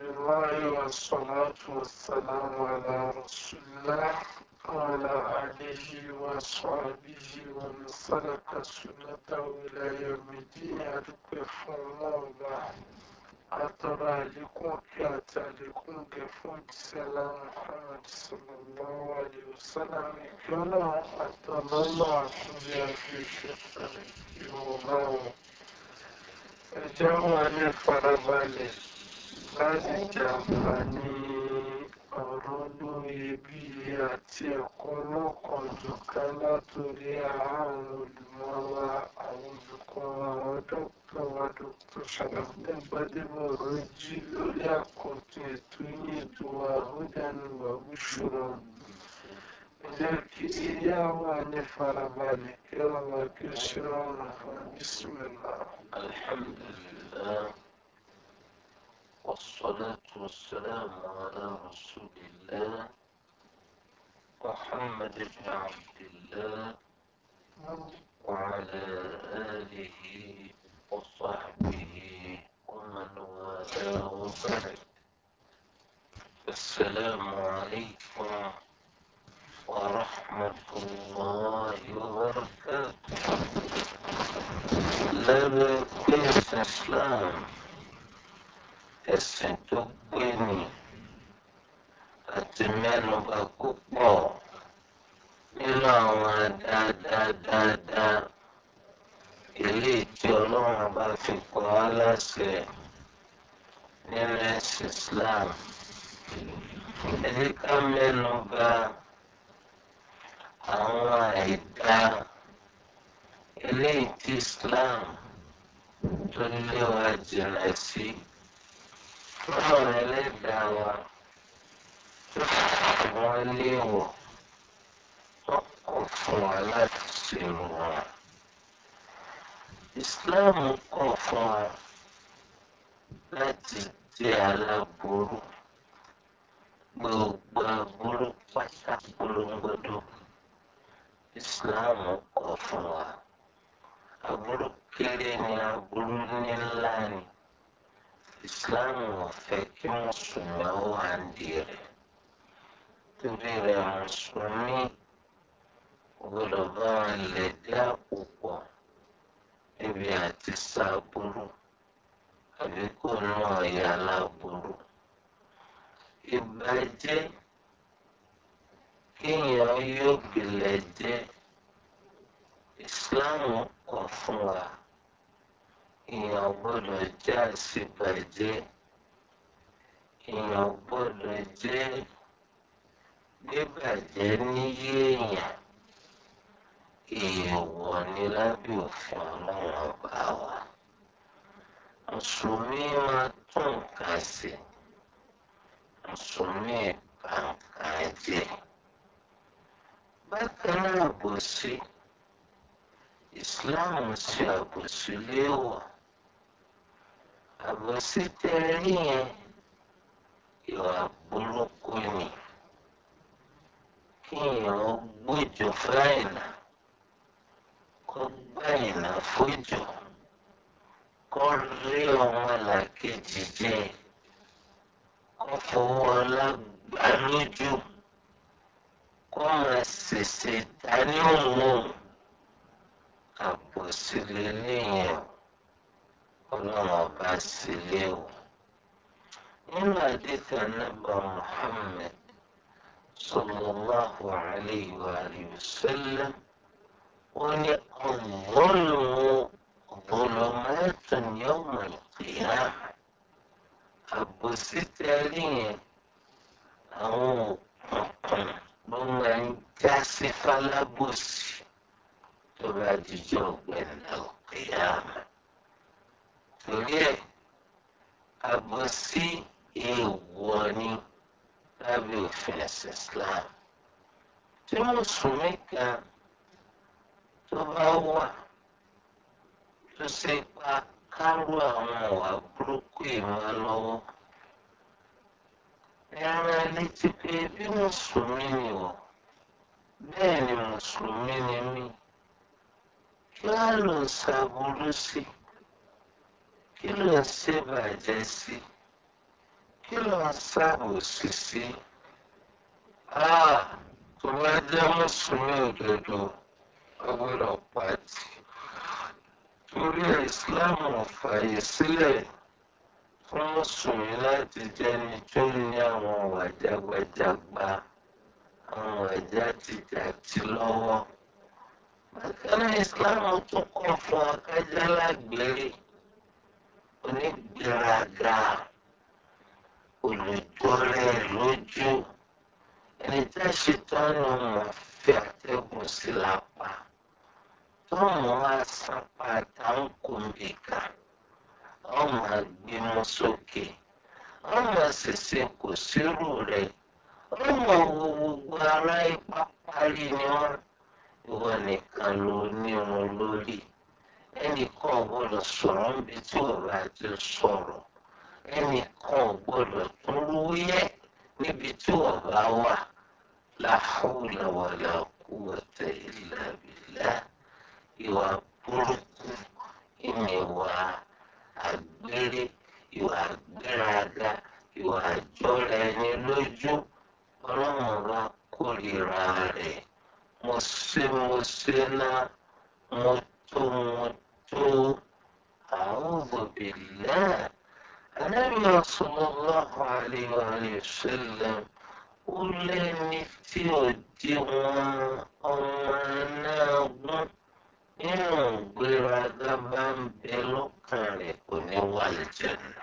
بسم الله والصلاة والسلام على رسول الله وعلى آله وصحبه ومن سلك سنته إلى يوم الدين أدوك فرما الله أترى لكم كاتا لكم كفون سلام محمد صلى الله عليه وسلم كلا حتى الله حمي في شفاك يوم الله أجاوني فرما لي láti jàǹfààní ọ̀rọ̀ lóye bí àti ẹ̀kọ́ lọ́kànjọ̀kan látòrí àwọn olùmọ̀ wa àwọn olùkọ́ àwọn dókítà wa dókítà Ṣàlàfíà Gbádébọ̀ ọ̀rọ̀ jí lórí àkọ́tún ètò yìí ètò àhúdàní wà wíṣọ́nà لكن إياه أن فرمان إرم كسرون بسم الله الحمد لله والصلاة والسلام على رسول الله محمد بن عبد الله وعلى آله وصحبه ومن والاه وبعد السلام عليكم ورحمة الله وبركاته لا لبيك الإسلام ẹ̀sìn tó pé ní àti mẹ́nuba púpọ̀ nínú àwọn dáadáadáa ilé tí ọlọ́run bá fi kọ́ á láṣẹ nínú ẹ̀sìn Islam ẹ̀sìn ká mẹ́nuba àwọn àìdá ilé tí Islam tó lé wa jìnnà sí fáwọn ẹlẹ́dàá wa tó wọ́n léwọ̀ ọkọ̀ fún wa láti ṣèrò wa. Islam kọ̀ fún wa láti jẹ́ aláboró gbogbo aburú pátá polongodo Islam kọ̀ fún wa aburú kéré ni aburú ní ńlá ni. Islam ò fẹ́ kí mùsùlùmí ó wà nídìí rẹ̀ torí rẹ̀ mùsùlùmí gbọ́dọ̀ bá wọn lẹ̀ dé àpò pọ̀ níbi àti sáàbùrù àbí kò náà yà láàbùrù. Ìbàjẹ́ kéèyàn yóò gbilẹ̀ jẹ́ Islam kọ̀ èèyàn gbọ́dọ̀ jẹ́ àṣebàjẹ́ èèyàn gbọ́dọ̀ jẹ́ bíbàjẹ́ níyé èèyàn èèwọ̀ ni lábẹ́ òfin ọlọ́run ọba wa mùsùlùmí máa tún nǹkan sí mùsùlùmí kàǹkà jẹ bákan náà bò sí Islam sí àbòsí léèwọ̀ àbòsí tẹ rí yẹn ìwà burúkú ni kí èèyàn gbójú fáìnà kó gbáyìnà fójú kó rí ọmọ làkejì jẹ kó fowó ọlá gbà lójú kó máa ṣèṣe dání òun àbòsí lélẹ́yìn ọlọ́run bá sí léwọ̀ nínú àdéhùn anábà Muhammad sallallahu alayhi wa alihi wa sallam wọ́n ní ọ̀gbọ́nlùmọ́ ọ̀gbọ́nlùmọ́ẹ̀tàn yawma al-qiyamah àbòsí tẹ́lẹ̀ yẹn àwọn òkùnkùn ló máa ń já sí falábòsí tó bá jíjọ́ ọ̀gbẹ́ni al-qiyamah. torí ẹ̀ àbòsí èèwọ̀ ni lábẹ́ òfin ẹ̀sìn Islam tí mùsùlùmí kan tó bá wà tó ṣe pa kárò àwọn ọ̀wà burúkú ìmọ̀ lọ́wọ́ ẹran létí pé bí mùsùlùmí ni wọ́n bẹ́ẹ̀ ni mùsùlùmí ni mí kí wọ́n lò ṣàbùrú sí i kí ló ń ṣèbàjẹ́ sí kí ló ń ṣàbòsí sí ah, tó bá jẹ́ mùsùlùmí òdodo ó gbọ́dọ̀ pàtì torí islam ò fààyè sílẹ̀ fún mùsùlùmí láti jẹ́ ẹni tó ní àwọn ọ̀wà jagbajagba àwọn ọ̀wà jàtijàti lọ́wọ́ bákan náà islam tún kọ̀ fún akájá lágbèrè onígbéraga olùjọ́rẹ́ lójú ẹni tá a ṣe tọ́nu mọ̀ fi àtẹ̀gùn sí lápá tọ́mù àṣà pátá ń kùnbì kan ọmọ àgbémọ sókè ọmọ àṣìṣe kò sírù rẹ̀ ọmọ wo gbogbo ará ipá parí ni wọ́n ìwọ nìkan ló ní wọn lórí ẹnìkan ò gbọdọ̀ sọ̀rọ̀ níbi tí òun àti sọ̀rọ̀ ẹnìkan ò gbọdọ̀ tún lóyẹ níbi tí òun bá wà láhùlà wàlà quwwata illa billah ìwà burúkú ìmọ̀ ìwà ìwà àgbéraga ìwà àjọra ẹni lójú ọlọ́run kórìíra rẹ̀ mo ṣe mo ṣe náà mo tó mo دكتور أعوذ بالله النبي صلى الله عليه وآله وسلم قل لي نفتي والدماء أما ناغ إن غير عذابا بلوك عليكم والجنة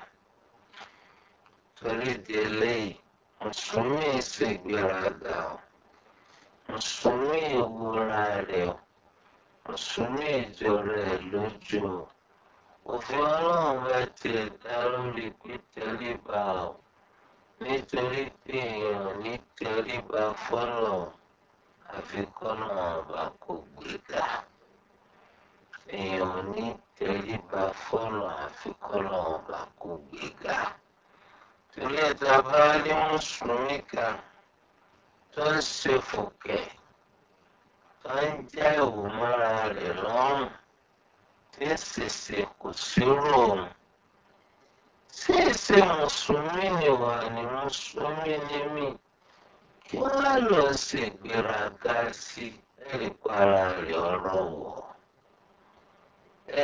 تريد إلي مسلمي سيغير عذاب مسلمي يقول mùsùlùmí ìjọra ẹ̀ lójú òfin ọlọ́run bá tiẹ̀ dá lórí pípẹ́líba o nítorí pé èèyàn ní tẹríba fọ́lọ̀ àfikọ́nà ọba kò gbéga èèyàn ní tẹríba fọ́lọ̀ àfikọ́nà ọba kò gbéga torí ẹ̀ta bá rí mùsùlùmí kan tó ń ṣe fòkè tó ń jẹ́ ìwòmọ́ra rẹ̀ lọ́rùn tí èsèsè kò sírò òun. Ṣé èsè mùsùlùmí ni wà ní mùsùlùmí ní mí? Kí wọ́n á lọ ṣègbéraga sí ẹ̀rí para rẹ̀ ọ̀rọ̀ wọ̀.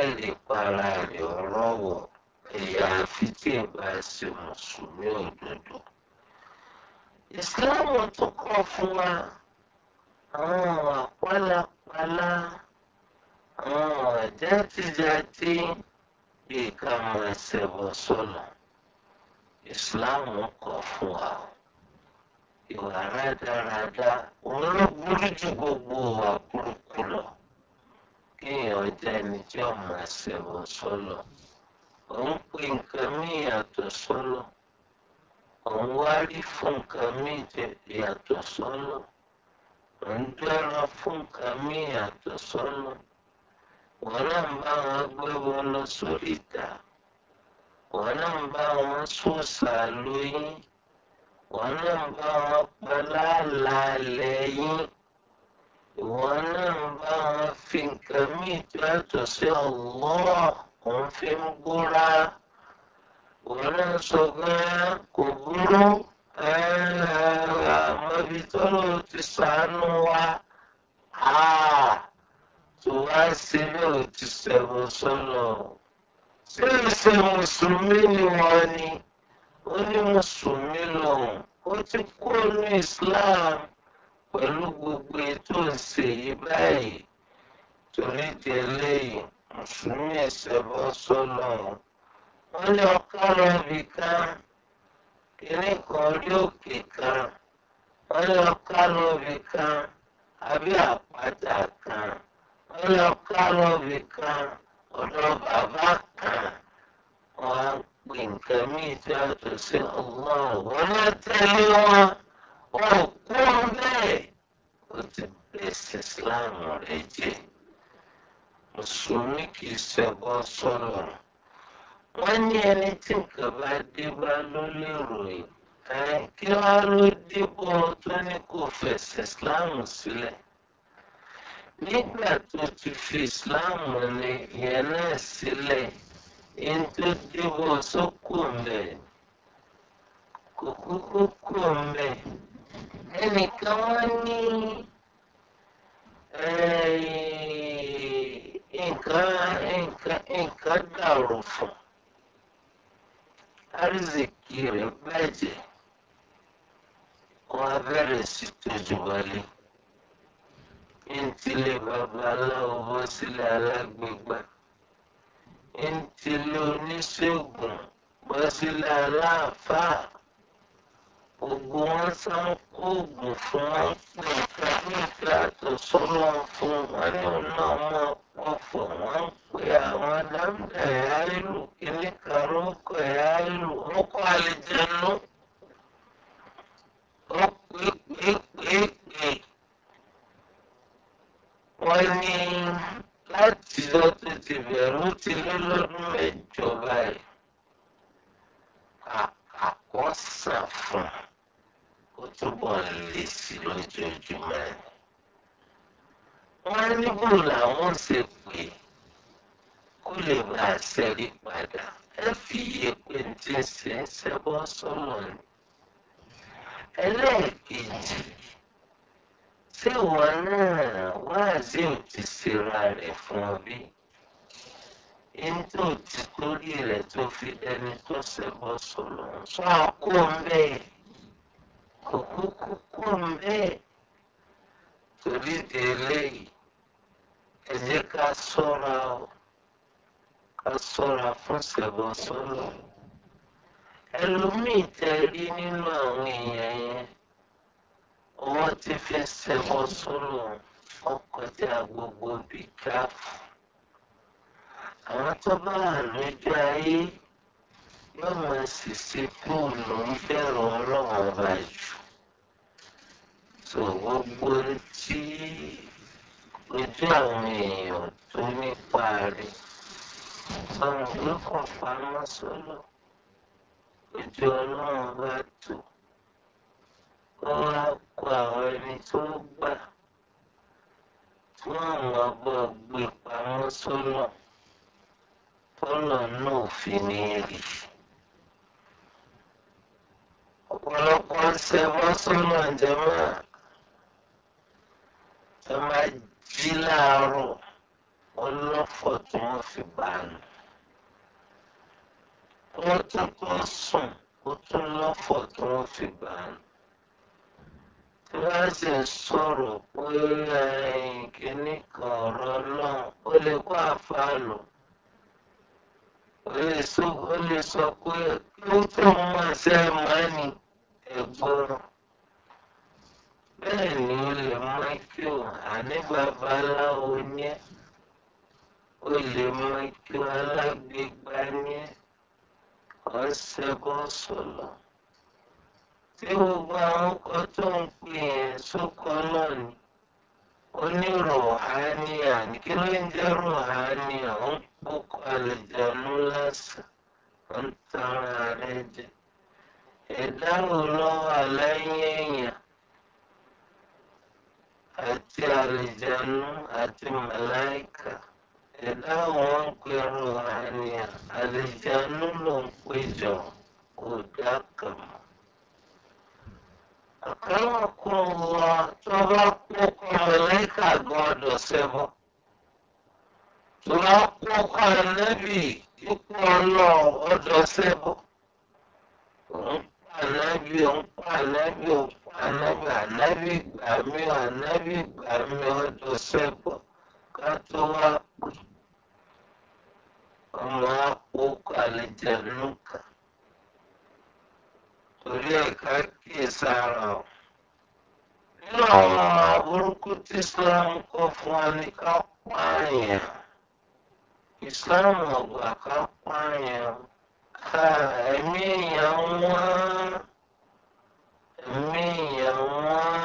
Ẹ̀rí para rẹ̀ ọ̀rọ̀ wọ̀ ẹ̀yà àfi tí ẹ bá ṣe mùsùlùmí òdodo. Ìsìláàmù tó kọ́ fún wa àwọn ọ̀rọ̀ pálapàla àwọn ọ̀rọ̀ játijàti bíi ká máa ṣẹbọ sọ́nà ìsìláàmù kọ̀ fún wa ìwà rádaràda òun ló burú ju gbogbo wa burúkú lọ kéèyàn jẹ́ ẹni tí ó máa sọ́nà òun pè nǹkan mí yàtọ̀ sọ́nà òun wá rí fún nǹkan mí yàtọ̀ sọ́nà ò ń gbẹ́ran fún nǹkan míì yàtọ̀ sọ́nà wọn náà ń bá wọn gbé wọn lọ sórí ìta wọn náà ń bá wọn sòsà lóyún wọn náà ń bá wọn àmọ́bi tọ́lọ́ ti sànú wa tó wá sí ní òtí sẹ́wọ̀n sọ́nà ṣé ìṣe mùsùlùmí ni wọ́n ni ó ní mùsùlùmí lòun ó ti kúrò ní Islam pẹ̀lú gbogbo ètò ìṣe yìí báyìí torí di eléyìí mùsùlùmí ìṣẹ̀bọ̀ sọ́nà wọ́n ní ọkọ̀ rẹ̀ bìkan kìíní kan orí òkè kan wọ́n lọ kánú obì kan àbí àpáta kan wọ́n lọ kánú obì kan ọ̀dọ̀ bàbá kan wọ́n á pè nǹkan míì tí a tò sí ọgbọ́n wọ́n lọ tẹ́lẹ̀ Islam rẹ̀ jẹ́ mùsùlùmí kì í wọ́n ní ẹni tí nǹkan bá dé bá ló lè ròyìn kí wá ló dé bọ́ tó ní kò fẹsẹ̀ ìsìláàmù sílẹ̀ nígbà tó ti fi ìsìláàmù ni ìyẹn náà sílẹ̀ ẹni tó dé sókò mẹ́ kò kúkú ẹnìkan wọ́n ní nǹkan nǹkan nǹkan dàrú fún àrísìkí rẹ̀ bàjẹ́ wọ́n á bẹ̀rẹ̀ sí tójú wọlé ntílé babaláwo bọ́ sílé alágbègbà ntílé oníṣègùn bọ́ sílé aláàfáà gbogbo wọn sá ń kó oògùn fún wọn pè é nígbà tó súnmọ́ fún wọn ní ọ̀nà wọn wọn fò wọn pé àwọn dáńdà ẹ̀yà ìlú kìíní kan orúkọ ẹ̀yà ìlú orúkọ àlejànú ó pé pé pé pé wọ́n ní láti lọ tó ti bẹ̀rù ti lé lọ́dún mẹ́jọ báyìí àkọsà fún un ó túbọ̀ lè sí lójoojúmọ́ wọ́n níbò làwọn ṣe pé kó lè bá a ṣẹ́rí padà ẹ fi èpè tí ń ṣe ń ṣẹ́bọ́ sọ́nà ni. ẹlẹ́ẹ̀kejì tí ìwọ náà wáàzí ò ti ṣera rẹ̀ fún ọ bí ẹni tó ti torí rẹ̀ tó fi dẹni tó ṣẹ́bọ́ sọ́nà sọ àkó ń bẹ́ẹ̀ kò kúkú mbẹ́ẹ̀ torí di eléyìí ẹ ká ṣọ́ra o ká ṣọ́ra fún ṣẹ̀bọ sọ́lọ̀ ẹlòmíì tẹ rí nínú àwọn èèyàn yẹn wọ́n ti fẹ́ ṣẹ̀bọ sọ́lọ̀ ọkọjá gbogbo bíi káfù àwọn tó bá àlejò ayé yóò máa sì ṣe kí òun bẹ̀rù ọlọ́run ọba jù sọ gbogbo tí ojú àwọn èèyàn tó nípa rẹ̀ sọnù ló kàn pamọ́ sọ́lọ̀ ojú ọlọ́run bá tó ó wá kó àwọn ẹni tó gbà tí wọ́n lọ bọ́ gbé pamọ́ sọ́lọ̀ tọ́lọ̀ náà fi ní rí ọ̀pọ̀lọpọ̀ ń ṣe mọ́sọ́lọ̀ jẹ́ máa tó máa jí láàárọ̀ ọlọ́fọ̀ tí wọ́n fi bá nù. wọ́n tún kàn sùn ó tún lọ́fọ̀ tí wọ́n fi bá nù. tí wọ́n sì ń sọ̀rọ̀ pé kíní kan ọ̀rọ̀ náà ó lè kó àfàlù. ó lè sọ pé kí ó tó máa ṣe é máa ní ẹ̀gbọ́n bẹ́ẹ̀ ni ó lè mú kí o àní babaláwo yẹ ó lè mú kí o alágbègbà yẹ ọ̀sẹ̀kọ̀ sọ̀lọ̀ tí gbogbo àwọn kan tó ń pè yẹn sókọ náà ni onírọ̀hánìyà kí ló ń jẹ́ rọ̀hánìyà ó ń kókó àlùjànnú lásán ó ń tan ara rẹ̀ jẹ ẹ̀dá wo lọ́wọ́ àlàyé àti àlìjẹnu àti màláìkà ẹ̀dá wọn ń pe ruhaniyan àlìjẹnu ló ń péjọ kò dá kàn mọ́. àkàlọ́kùn wa tó bá kó màláìkà gbọ́dọ̀ sẹ́wọ́ tó bá kó kọ́ ẹlẹ́bì ipò ọlọ́ọ̀ ọdọ̀ sẹ́wọ́ ànábì ọ̀pá ànábì ọ̀pá ànábì ànábì ìgbà mi ànábì ìgbà mi ọjọ́ sẹ́pọ̀ ká tó wá kú ọmọ àpòkọ àlejò lùkà torí ẹ̀ka kìí sára o. nínú àwọn burúkú tí Islam kọ́ fún wa ní ká pààyàn Islam ọ̀gbà ká pààyàn o ẹ̀mí èèyàn wọ́n ẹ̀mí èèyàn wọ́n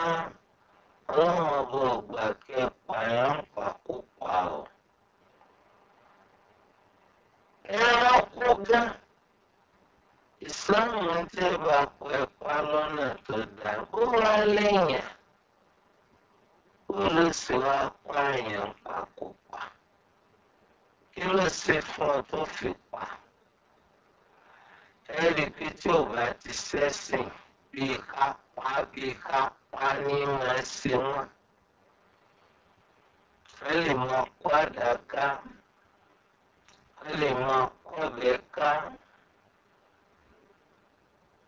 ọlọ́run ọba ọgbà kẹ pààyàn pàkópa ọ. ẹ̀rọ kú gá ìsìláàmù ń tẹ́bà pẹ̀pá lọ́nà tó dáa ó wá lẹ́yìn ó pààyàn pàkópa kí ló ṣe fún ọ tó fi pa ẹ̀rí pé tí ò bá ti sẹ́sìn bíi kápá bíi kápá ní máa ṣe wọ́n. wọ́n lè máa kó àdáká wọ́n lè máa kó ọ̀bẹ ká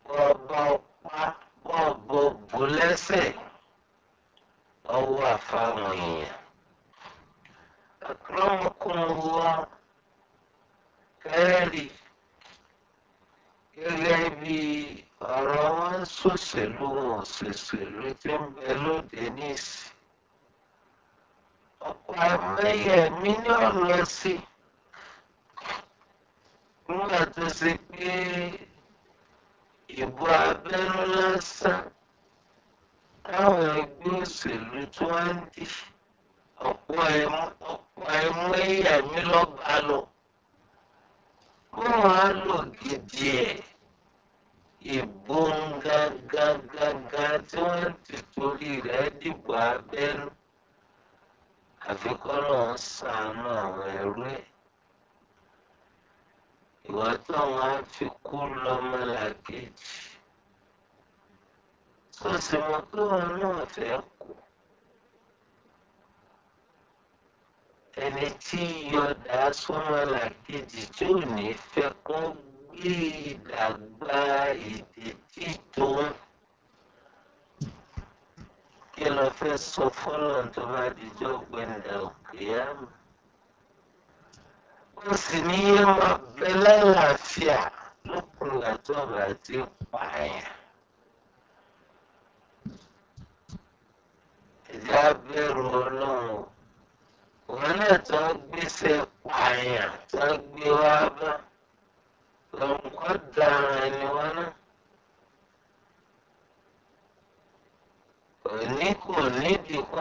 bọ́ọ̀bọ́ pa bọ́ọ̀bọ́ bù lẹ́sẹ̀ ọwọ́ àfàwọn èèyàn. أكرمكم الله كارثة gẹ́gẹ́ bí ọ̀rọ̀ wọn ń ṣòṣèlú wọn ṣòṣèlú tí ń bẹ lóde níìsì. ọ̀pọ̀ àmọ́yẹ mi ní ọ̀rọ̀ sí i. nígbà tó ṣe pé ìbò abẹ́rú lásán táwọn ẹgbẹ́ òṣèlú tó wá kó máa lò gidi ẹ̀ ìbọn gangan tí wọ́n ti torí rẹ̀ dìbò abẹ́rú àfikọ́rọ̀ ń sàánú àwọn ẹrú ẹ̀ ìwà táwọn á fi kú lọ́mọlàkejì tó sì mọ wọn náà fẹ́ kú. ẹni tí yọ̀dà sọ́mọ́là kejì tí ò ní fẹ́ kó gbé ìdàgbà èdè títò kí ló fẹ́ sọ fọ́nà tó bá dijọ́ gbẹ̀ndà òkè àmì. ó sì ní yé máa bẹ lálàáfíà lókun ìgbà tó bá pààyàn. oníṣẹ́ pààyàn tá a gbé wá bá lọ́nkọ́ dára ẹni wọn náà. òní kò nídìí kó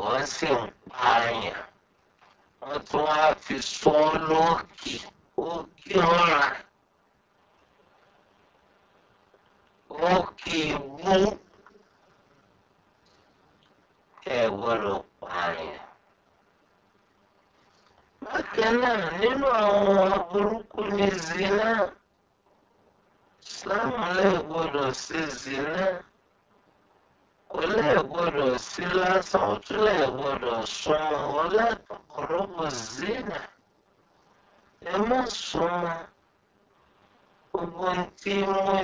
wọ́n sì ń pààyàn wọ́n tún wá fi sún lókì òkè ọ̀ràn òkè ìbú ẹ̀ gbọ́dọ̀ pààyàn. bákan náà nínú àwọn burúkú ní zina Islam lè gbọ́dọ̀ ṣe zina kò lè gbọdọ̀ sí lásán ó tún lè gbọdọ̀ sún mọ́ ọ látọkọrọ́bù zina ẹ má sún mọ́ gbogbo tí wọ́n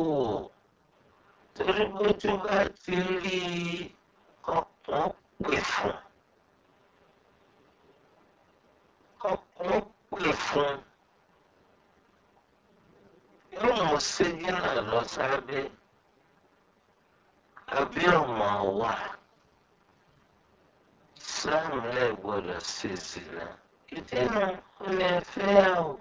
o torí bójú bá ti rí ó lè fún irú àwọn ségi náà lọ sábẹ́ àbí ọmọ wa sáàmù náà gbọ́dọ̀ ṣe ìsìnà ìdí náà ó lè fẹ́yàwó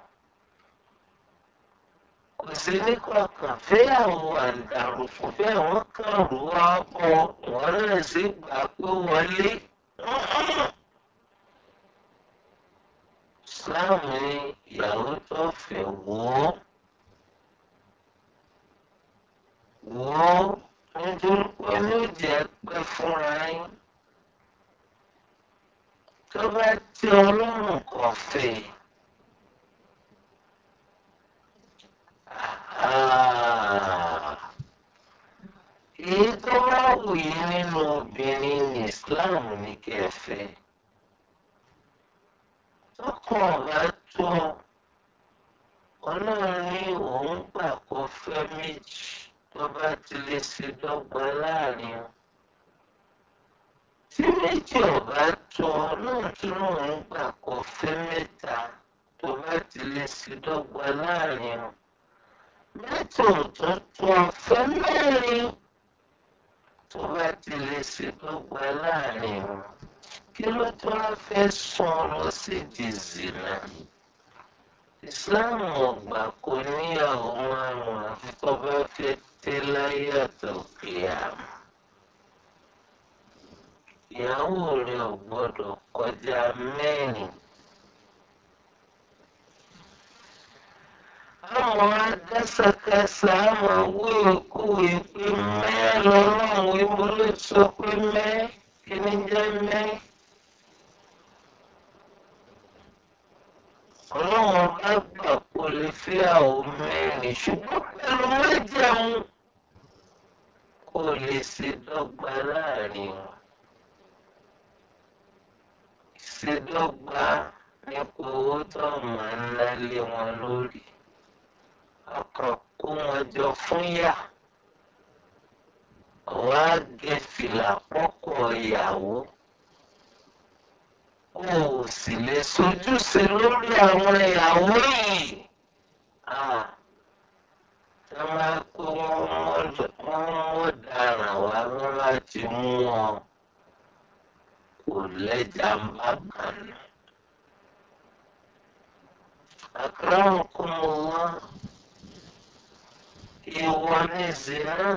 kò sí ní kankan fẹ́yàwó àdàrúfò bẹ́ẹ̀ wọ́n kàn rú wá bọ̀ wọ́n lè sí gbà wọlé ìsìláàmù ni ìyàwó tó fẹ́ wò ó wò ó nítorí pé méjì ẹ pé fúnra yín tó bá tí ọlọ́run kò fẹ́ èyí tó bá wù yín nínú obìnrin ní ìsìláàmù tó ọ̀gá tó ọlọ́run ní òun gbà kó fẹ́ méjì tó bá ti lè ṣe dọ́gba láàrin wọn. tí méjì ọ̀gá tó ọlọ́run tó lóun gbà kó fẹ́ mẹ́ta tó bá ti lè ṣe dọ́gba láàrin wọn. mẹ́ta ọ̀tọ̀ tó ọ̀fẹ́ mẹ́rin tó bá ti lè ṣe dọ́gba láàrin wọn kí ló tó wá fẹ́ sọ̀rọ̀ sídìí zina islam ọgbà kò níyàwó márùn àfi tó bá fẹ́ tẹ́ láyé àtọ̀kìyà ìyàwó rẹ̀ ò gbọ́dọ̀ kọjá mẹ́rin. àwọn adásakása àwọn awúyẹ̀kúwẹ̀ pé mẹ́ lọ́rùn ìmúlẹ̀ sọ pé mẹ́ kí ni jẹ́ mẹ́. ọlọ́run bá gbà kó lè fẹ́ àwọn mẹ́rin ṣùgbọ́n pẹ̀lú mẹ́jẹ̀mú kó lè ṣe dọ́gba láàrin wọn. ìṣèdọ́gba nípa owó tó máa ń lálé wọn lórí ọkọ̀ kó wọn jọ fún yà wá gẹ̀ẹ́sì làpọ̀kọ̀ ìyàwó o sì lè sojúṣe lórí àwọn ìyàwó yìí. Ṣé máa kó wọ́n mọ̀ dáràn wá lọ láti mú wọn? Kò lẹ́jà bá kànú. Àkàrà ń kún wọn. Ìwọ ni ìsìn náà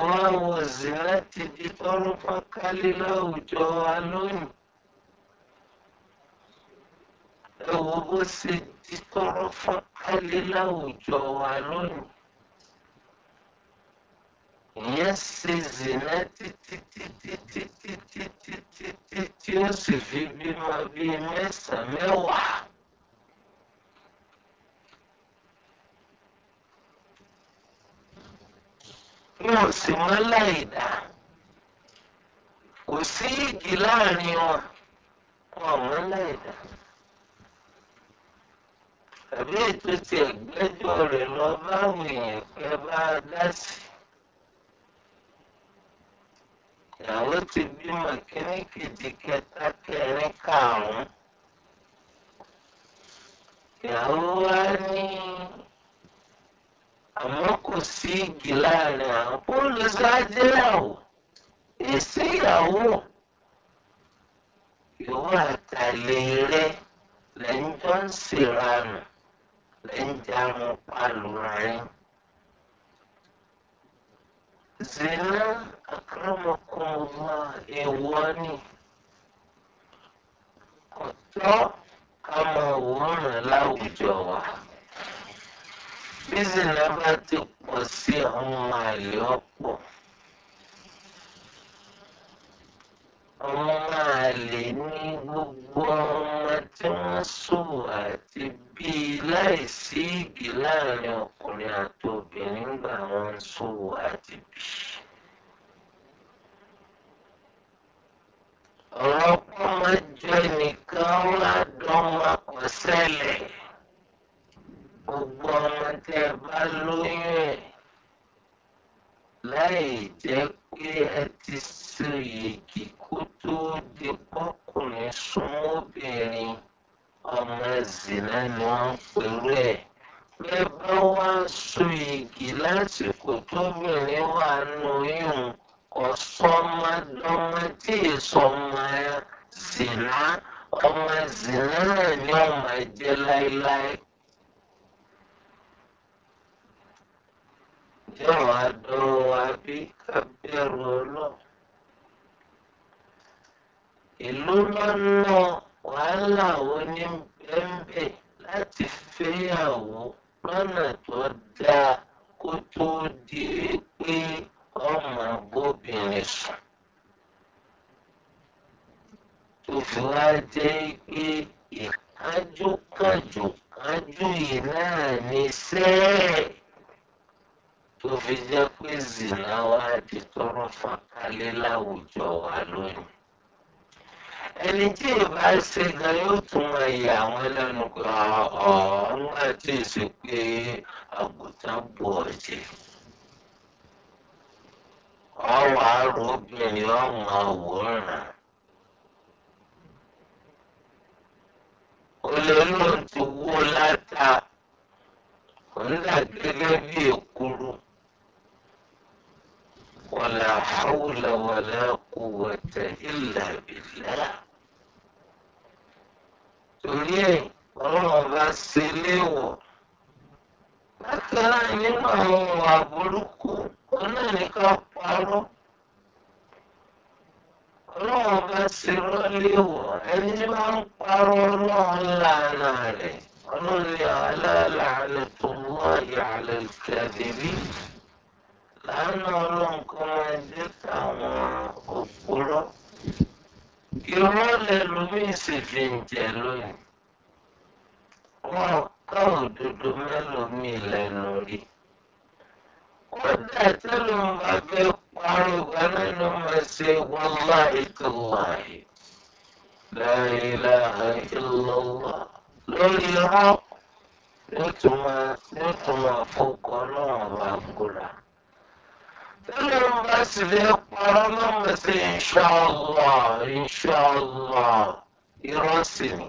àwọn ọ̀sẹ̀ láti di tọrọ fákálí láwùjọ wa lónìí. ẹ wo bó ṣe di tọrọ fákálí láwùjọ wa lónìí. ìyẹn ṣe zìnà títí títí títí títí títí tí ó sì fi bímọ bíi mẹ́sàn-án mẹ́wàá. wọn ò sì mọ́ láì dá kò sí igi láàrin wọn wọn ò mọ́ láì dá tàbí ètò ti ẹ̀gbẹ́jọ́ rẹ̀ lọ báwọn èèyàn pẹ́ bá a dá sí ìyàwó ti bímọ kínní kejì kẹta kẹrin karùnún ìyàwó wa ní àmọ́ kò sí igi láàrin àwọn pọ́ùlù sáájẹ́yàwó èsì ìyàwó ìwọ àtàlẹ́ rẹ lẹ́ńjọ́ ń ṣèrànù lẹ́ńjàmú pàlùrà yín. Zina akramakumullah èèwọ̀ ni kò tọ́ ká máa wòran wa bísìnà bá ti pọ̀ sí ọmọ àlè ọ̀pọ̀ ọmọ àlè ní gbogbo ọmọ tí wọ́n sọ àti bíi láìsí igi láàrin ọkùnrin àti obìnrin gbà wọ́n sọ àti bíi. ọ̀rọ̀ ọpọ́ máa jẹ́ nìkan ládọ́mọ́ kò ṣẹlẹ̀ gbogbo ọmọ lai ẹ bá lóyún ẹ̀ láì jẹ́ pé ẹ ti so yèkì kó tó di pọ́kùnrin súnmọ́ obìnrin ọmọ zìnà ni wọ́n ń pẹ̀lú ẹ̀ bẹ́ẹ̀ bá wá so yèkì lásìkò tóbìnrin wà nù yún ọ̀sọ́mọdọ́mọ tí ìsọmọ zìnà ọmọ zìnà náà ni ọmọ jẹ́ láéláé. ǹjẹ́ àwọn adọ́rọ̀ wa bí kábẹ́rù ọlọ́ ìlú lọ́nà wàhálà wo ní bẹ́ńbẹ́ láti fẹ́yàwó lọ́nà tó dáa kó tó di pé ọmọ agbóbìnrin sùn tó fi wá jẹ́ pé ìkájú kàjù kájú yìí náà ní sẹ́ẹ̀ tó fi jẹ́ pé zina wá di tọrọ fàkálẹ̀ láwùjọ wa lónìí. ẹni tí ìbá ṣe gan yóò tún máa yẹ àwọn ẹlẹ́nu pé ọ̀ọ́n wá tí ì ṣe pé àgùntàn bù ọ̀ jẹ́. ọwọ́ àrò obìnrin ọmọ àwòrán. olóòlù ti wó látà. òun gẹ́gẹ́ bí èkúrú. ولا حول ولا قوة إلا بالله تريد روح بس ليه مثلا لما هو أبوكو أنا نكفره روح بس ليه أنا ما أنكفره روح لعنة عليه قالوا لي على لعنة الله على الكاذبين láàánú ọlọ́run kó máa jẹ́ káwọn òpùrọ́ irọ́ lẹ́lòmíì sì fi ń jẹ lónìí wọn ká òdodo mẹ́lòmíì lẹ́nu rí kódà tẹ́lẹ̀ ń bá bẹ́ parọ́ gbaná ló máa ṣe wàláhì tàláhì la ilaha illallah lórí irọ́ yóò tún máa fọ́kọ́ náà wà kúra. Tẹ́lẹ̀ bá sì lè parọ́ náà mọ̀ sí inṣọ́lá inṣọ́lá irọ́ sì ni.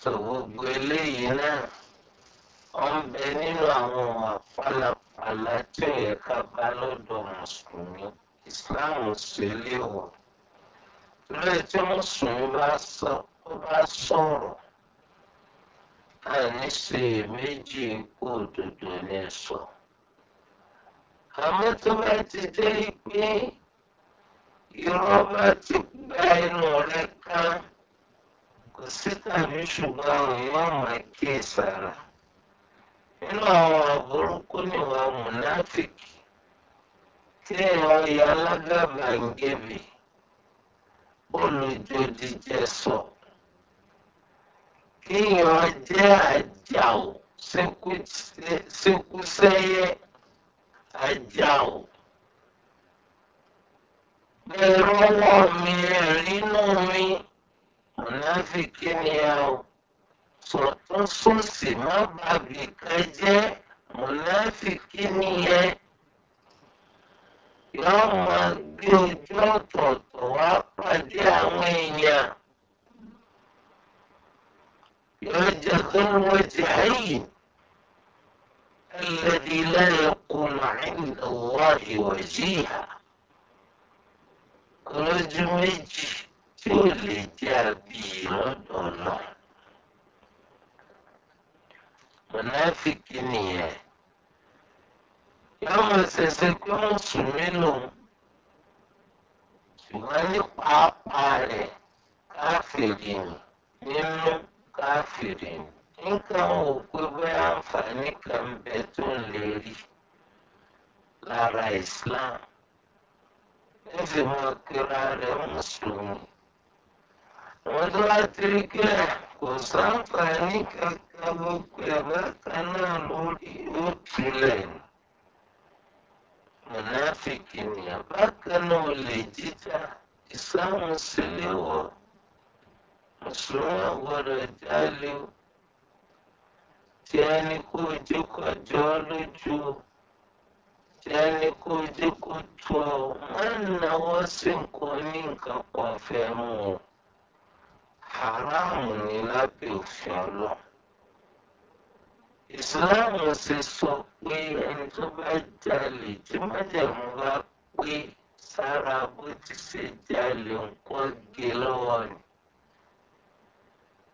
Sọ gbogbo eléyìí náà, ó ń bẹ nínú àwọn ọmọ pálapàla tí ò yẹ ká bá lọ́dọ̀ Mùsùlùmí àmọ́ tó bá ti dé pé irọ́ bá ti gba inú rẹ ká kò sí tàbí ṣùgbọ́n àwọn èèyàn máa kíyè sára nínú àwọn àbúrúkú níwà mùnáfíkì tí èèyàn ya alágàbàǹgebè olùjòdìjẹsọ kéèyàn jẹ́ àjàù síkú sẹ́yẹ́ ajáò bẹ̀rù ọwọ́ mi rínú mi mùnáfíkì ni ẹ o sọ̀tún sósì má bàbí kan jẹ́ mùnáfíkì ni ẹ yóò máa gbé ojú ọ̀tọ̀ọ̀tọ̀ wá pàdé àwọn èèyàn yóò jẹ́ tó ń wọ́n ti ẹ̀yìn. الذي لا يقول عند الله وجيها ọlọ́jọ́ méjì tí ò lè jẹ́ àbí lọ́dọ̀ ọ̀nà mọ̀náfíkì nìyẹn yóò máa ṣẹ̀ṣẹ̀ pé wọ́n sùn mí lò ṣùgbọ́n ní pàápàá rẹ̀ káfíìrì nínú káfíìrì nù nǹkan ò pé bóyá àǹfààní kan ń bẹ tó ń lè rí lára Islam nífi mọ kíra rẹ̀ mùsùlùmí wọn tó wá tiri kí ẹ kò sáǹfààní kankan gbogbo ẹ bákan náà lórí ó túlẹ̀ ní mùnáfíkì ni bákan náà olè jíjà Islam sílẹ̀ wọ̀ mùsùlùmí ọ̀gbọ́dọ̀ jálẹ̀ wọ̀ tí ẹni kó ojú kọ jọ lójú tí ẹni kó ojú kó tu ọ wọn náwó sí nǹkan ní nǹkan kan fẹ́ mú o haramu ni lábẹ́ òfin ọlọ ìsìláàmù ṣe sọ pé ẹni tó bá jalè tí májèmú bá pé sára bó ti ṣe jalè nǹkan gé lọ́wọ́ ni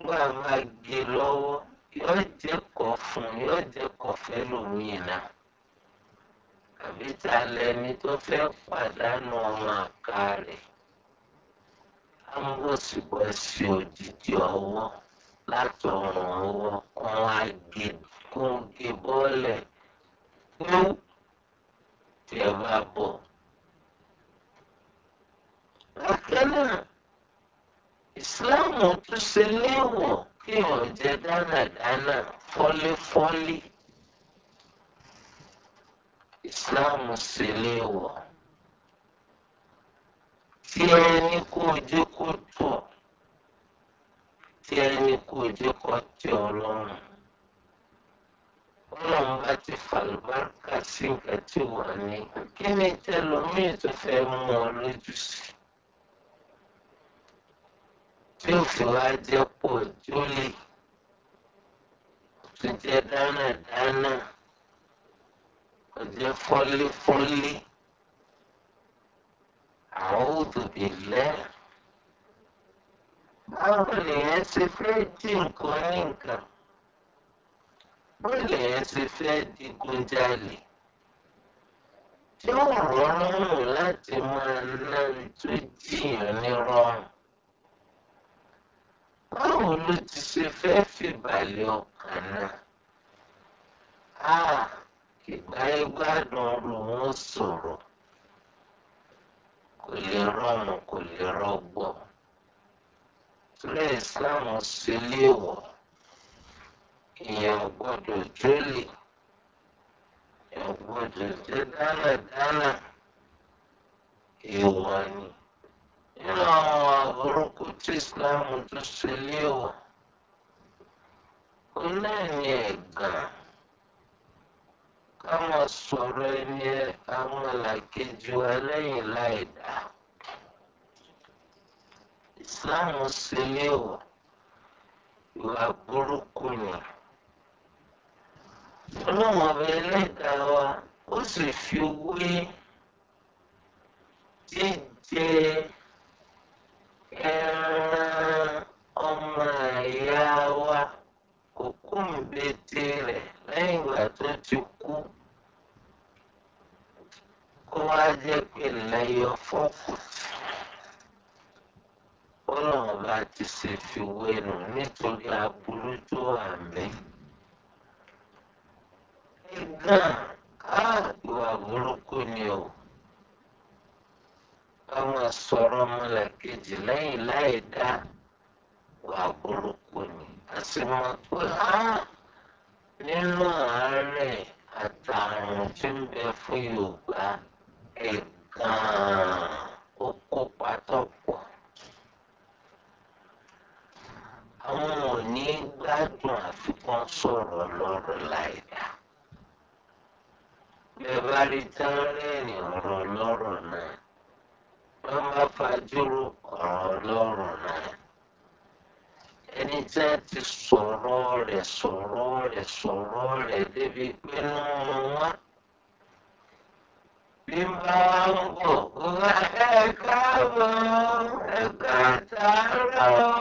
wọn àmà gé lọ́wọ́ yóò jẹ́ kọ̀ fún yóò jẹ́ kọ̀ fẹ́ lòmíì náà àbí ta lẹni tó fẹ́ pàdánù ọmọ àká rẹ̀ ambosibosi òjijì ọwọ́ láti ọrùn ọwọ́ kan agé bọ́ọ̀lẹ̀ tó tí ẹ bá bọ̀. bákan ìsìláàmù tún ṣe léèwọ̀ kí ọ̀jẹ̀ dánadáná fọ́lífọ́lí ìsìláàmù sì lè wọ̀ tí ẹni kò jẹ́ kó tọ̀ tí ẹni kò jẹ́ kó tẹ̀ ọ́ lọ́rùn ọlọ́run bá ti fàlùbáràkà sí nǹkan tí wà ní kí ni tẹlọmíì tó fẹ́ mú ọ lójú sí tí òfin wa jẹ́ pọ̀ jólè tó jẹ́ dáná dáná kò jẹ́ fọ́lé fọ́lé àwòdù ìlẹ́. Báwo lèyẹn ṣe fẹ́ jí nǹkan ní nǹkan? Báwo lèyẹn ṣe fẹ́ digunjalè? Tí ó rọrùn láti máa ná tó jìyàn ní rọrùn báwo ló ti ṣe fẹ́ fìbàlẹ̀ ọkàn náà? a ìgbáyé gbádùn ọrùn wọn sọ̀rọ̀ kò lè rọrùn kò lè rọgbọ sílẹ̀ ìsìláàmù sí léèwọ̀ èèyàn gbọ́dọ̀ jólè èèyàn gbọ́dọ̀ jẹ́ dáradára èèwọ̀ ni nínú àwọn àbúrúkú tí Islam tó ṣe léèwọ̀ ó náà ní ẹ̀gàn ká máa sọ̀rọ̀ ẹni àwọn làkejì wa lẹ́yìn láì dá Islam ṣe léèwọ̀ ìwà burúkú ni ọlọ́run ọba ẹlẹ́dàá wa ọmọọ̀yá wa kòkúńbete rẹ̀ lẹ́yìn ìgbà tó ti kú kó wá jẹ́ pé lẹ́yọ fọ́ọ̀kù ti fi nítorí tó wà káàkiri ni o. ká máa sọ̀rọ̀ ọmọlàkejì lẹ́yìn láì dá wà burúkú ni a sì mọ̀ pé á nínú àárẹ̀ àtàrùn tí ń bẹ fún Yorùbá ẹ̀gàn ó kópa tó pọ̀. àwọn ò ní gbádùn àfikún sọ̀rọ̀ lọ́rọ̀ láì dá bẹ́ẹ̀ bá rí tán rẹ́rìn ọ̀rọ̀ lọ́rọ̀ náà wọn bá fajúro ọ̀rọ̀ ọlọ́run náà ẹni tí a ti sọ̀rọ̀ rẹ̀ sọ̀rọ̀ rẹ̀ sọ̀rọ̀ rẹ̀ débi pé nínú wọn bí máa ń bọ̀ wá ẹ̀ka bọ̀ ẹ̀ka tààrà ó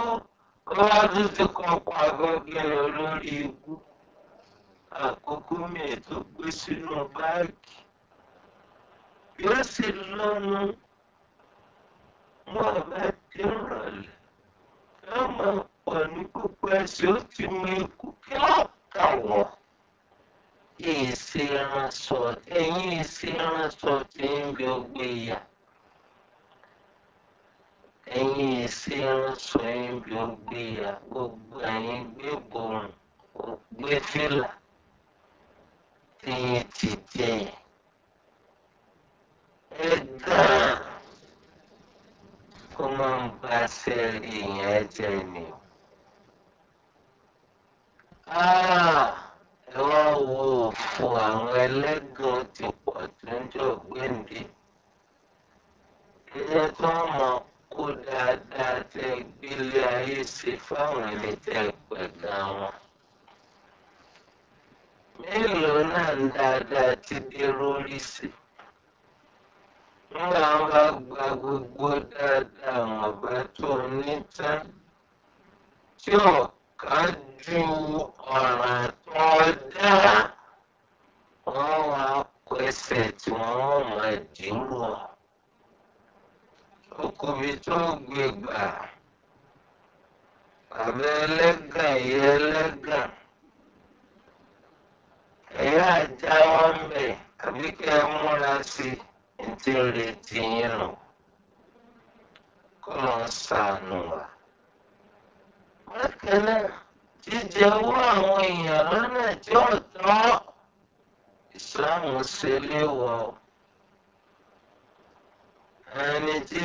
wá tún ti kọ́ pàgọ́ gẹ̀rẹ́ olórí ikú àkókò mi tó gbé sínú báàgì yóò sì lọ́nu mọ̀ láti rọ̀lẹ́ ká máa pọ̀ ní gbogbo ẹsẹ̀ ó ti mú ikú kí lọ́ọ̀kà wọ̀. èsì ìrànṣọ ẹ̀yìn èsì ìrànṣọ ti ń bí ogbe ìyá. ẹ̀yìn èsì ìrànṣọ ń bí ogbe ìyá tó máa ń bá sẹ́ẹ̀rì yẹn jẹ ni. ẹ wá wo fún àwọn ẹlẹ́gàn ti pọ̀ tó ń jọ gbẹ̀ǹdì. ilé tó ń mọ kó dáadáa tẹ gbélé ayé ṣe fáwọn ẹni tẹ pẹ̀lú àwọn. mélòó náà ń dáadáa ti dé rórí sí i nígbà wọn bá gba gbogbo dáadáa wọn bá tó ní tán tí ọ̀ká ju ọ̀ràn tó dá wọn wá kọ ẹsẹ̀ tí wọ́n máa dìrò ọkùnrin tó gbé gbà àbẹ ẹlẹ́gàn yẹ ẹlẹ́gàn ẹ̀yà ajá wọn bẹ̀ àbí múra sí i tí ó retí yín nù kó lọ ń sàánù wá. bákan náà jíjẹ owó àwọn èèyàn lọ́nà tí ó tọ́ ìsìláàmù ṣe léwọ̀ ẹni tí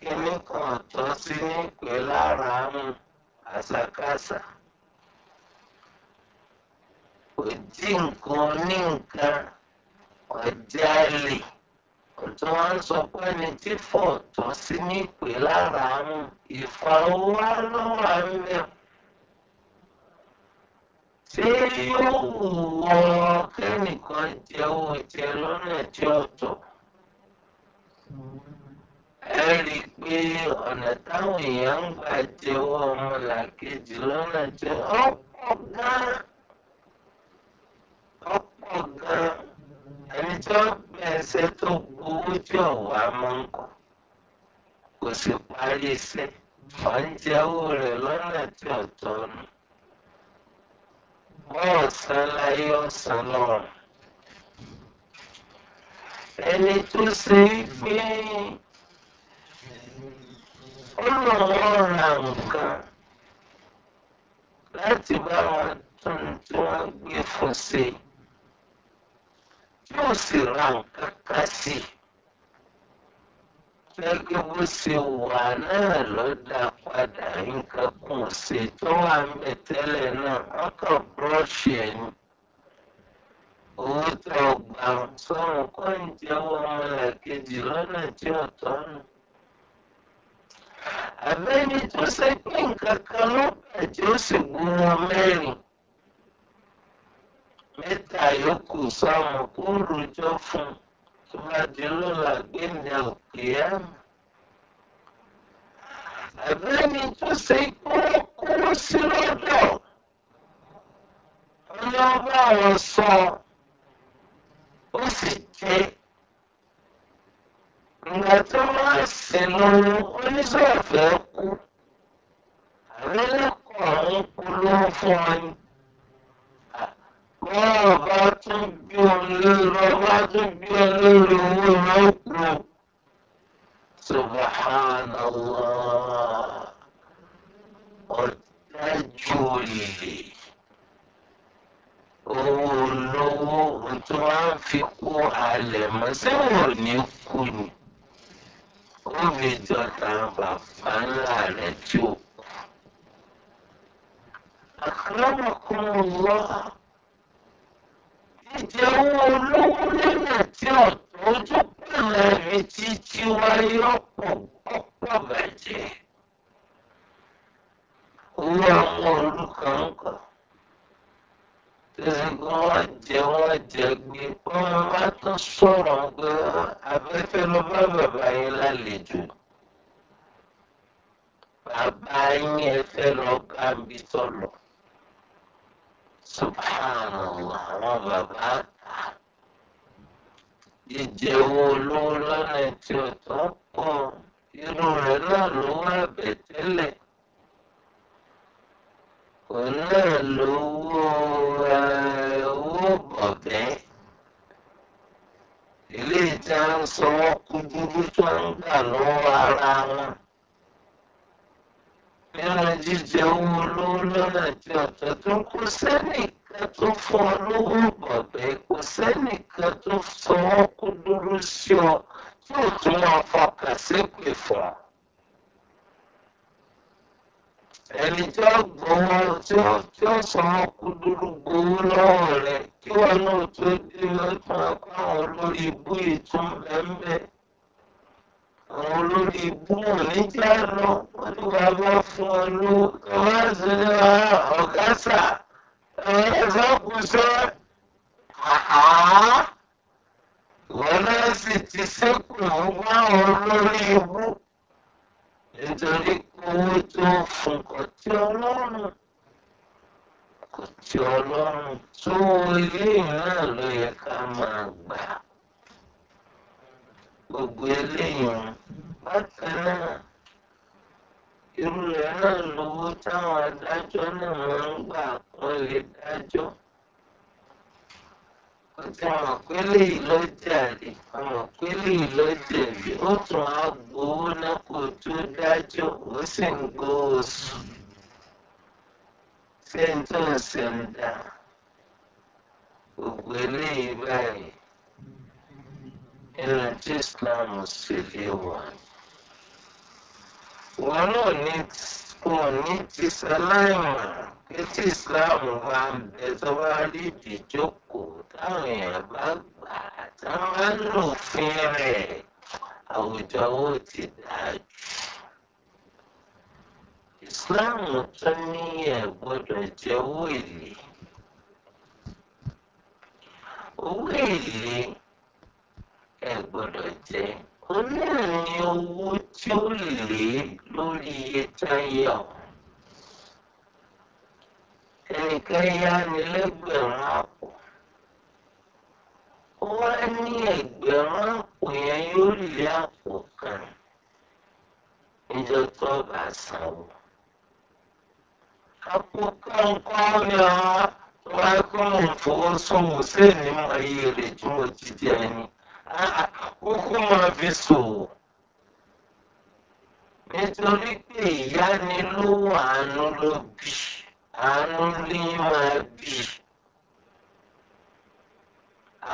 kinní kan tọ́ sí nípè lára mú àṣàkáṣà kò nǹkan ní nǹkan ọ̀já lè tó wá ń sọ pé ẹni tí fọ̀tọ̀ sí ní ìpè lára ń ìfọwọ́ lọ́wọ́ ń bẹ̀. ṣé yóò wọ kẹ́nìkan jẹ owó jẹ lọ́nà tí ó tọ́? ẹ rí i pé ọ̀nà táwọn èèyàn ń gbà jẹ owó ọmọlàkejì lọ́nà tí ó gan-an. gan ẹni tí wọ́n gbé ẹsẹ̀ tó gbowó jọ wá máa ń kọ́ kò sì parí iṣẹ́ wọ́n ń jẹ́wọ́ rẹ̀ lọ́nà tí ọ̀tọ̀ nù. bọ́ọ̀ san ọ̀sán lọ́rùn. ẹni tó ṣe é gbé ọlọ́run ra nǹkan láti bá wọn tún tí wọ́n gbé fún sí i yóò sì ra nǹkan kan sí i. Gẹ́gẹ́ bó ṣe wà náà ló dá padà nǹkan kan ṣe tó wà ń bẹ tẹ́lẹ̀ náà, wọ́n kàn búrọ́ọ̀ṣì ẹ̀yìn. Owó tó gbà sọ̀rọ̀ kọ́ ń jẹ́wọ́ ọmọlàkejì lọ́nà tí ò tọ́nu. Àbẹ́ni tó ṣe mẹ́ta yòókù sáwọn kó rojọ́ fún tó bá di lọ́la gbẹ̀mí òkèèyà. àbẹ́ni tó ṣe kó kúrú sí lọ́dọ̀ ọlọ́ba àwọn sọ ó sì jẹ́ ìgbà tó máa sìn lọ́wọ́ oníṣòwò fẹ́ kú àbẹ́lẹ́kọ̀ọ́ ń polówó fún wọn ni. وغاتب للمغاتب للمغاتب سبحان الله والتجولي olówó tó wá fi kó alẹ̀ mọ́ sẹ́wọ̀n ní kú ni ó fi jọta bàbá ńlá rẹ̀ tí ó kú. àkàrà kò mọ̀ lọ́wọ́. jẹ owó olówó lọ́nà tí ọ̀tọ̀ ojú pẹ̀lẹ́ ibi tí tiwa yọ̀pọ̀ ọ̀pọ̀ bàjẹ́. Owó àwọn olùkọ́ ń kọ̀. Tẹ̀sí kí wọ́n jẹ wọ́n jẹ gbé. Wọ́n bá tún sọ̀rọ̀ pé afẹ́fẹ́ ló bá bàbá yín lálejò. Bàbá yín fẹ́ lọ ká bí sọ̀rọ̀ subhanallah àwọn bàbá jíjẹ owó olówó lọ́nà tí ó tọ́ pọ̀ irú rẹ̀ náà ló wà bẹ̀tẹ́lẹ̀ kò náà lówó owó bọ̀bẹ́ ilé ìta ń sanwó kúdúrú tó ń gbà lọ́wọ́ ara wọn mìíràn jíjẹ ohun olówó lọ́nà tí ọ̀tọ̀ tó kú sẹ́nìkan tó fún ọ lówó bọ̀dẹ̀ kò sẹ́nìkan tó sọ ọ́ kú dúró sí ọ tí ò tún máa fọkàn sépè fún ọ. ẹni tí ó gbowó tí ó tí ó sọ ọ́ kú dúró gbowó lọ́wọ́ rẹ̀ kí wọn náà tó dé lọ́tún ọkọ̀ àwọn olórí ibú ìtún bẹ́ẹ̀ bẹ́ẹ̀ àwọn olórí ibú òní jẹ́ lọ wọ́n ní bàbá fún ọ ló ọba ìṣẹ̀lẹ̀ wa ọ̀gá sà ẹ̀ẹ́dẹ́gbẹ́ kù sẹ́ wọ́n náà sì ti sẹ́kù ọgbọ́n àwọn olórí ibú nítorí owó tó fún kò tí ọlọ́run kò tí ọlọ́run tó ilé náà ló yẹ ká máa gbà gbogbo eléyìí bákan náà irú rẹ̀ náà lówó táwọn adájọ́ náà máa ń gbà wọ́n lè dájọ́ kò tí a pé léyìí ló jàre a pé léyìí ló jẹ̀bi ó tún á gbowó náà kó tó dájọ́ ó sì ń gbowó oṣù ṣé n ń ṣe gbogbo eléyìí báyìí nínú tí Islam ṣe lé wọn. wọn náà ní wọn ní ti sáláìmọ̀ pé Islam bá ń bẹ tó bá rí ìdíjókòó táwọn èèyàn bá gbà táwọn á lò fún rẹ̀ àwùjọ Islam tún ní ẹ̀ gbọ́dọ̀ jẹ́ owó èlé. owó ẹ gbọ́dọ̀ jẹ́ òun náà owó tí ó lé lórí iye táyà ẹnìkan yá àpò ó wá ní ẹgbẹ̀rún àpò yẹn yóò lé àpò kan níjọ́ tó bá sanwó àpò kan kọ́ ni ọ wá kó mo fowó sóhun sí ìnímọ̀ iye rẹ̀ tí mo ti jẹ ni kúkú máa fi sòwò nítorí pé ìyánilówó àánú ló bí àánú ní máa bí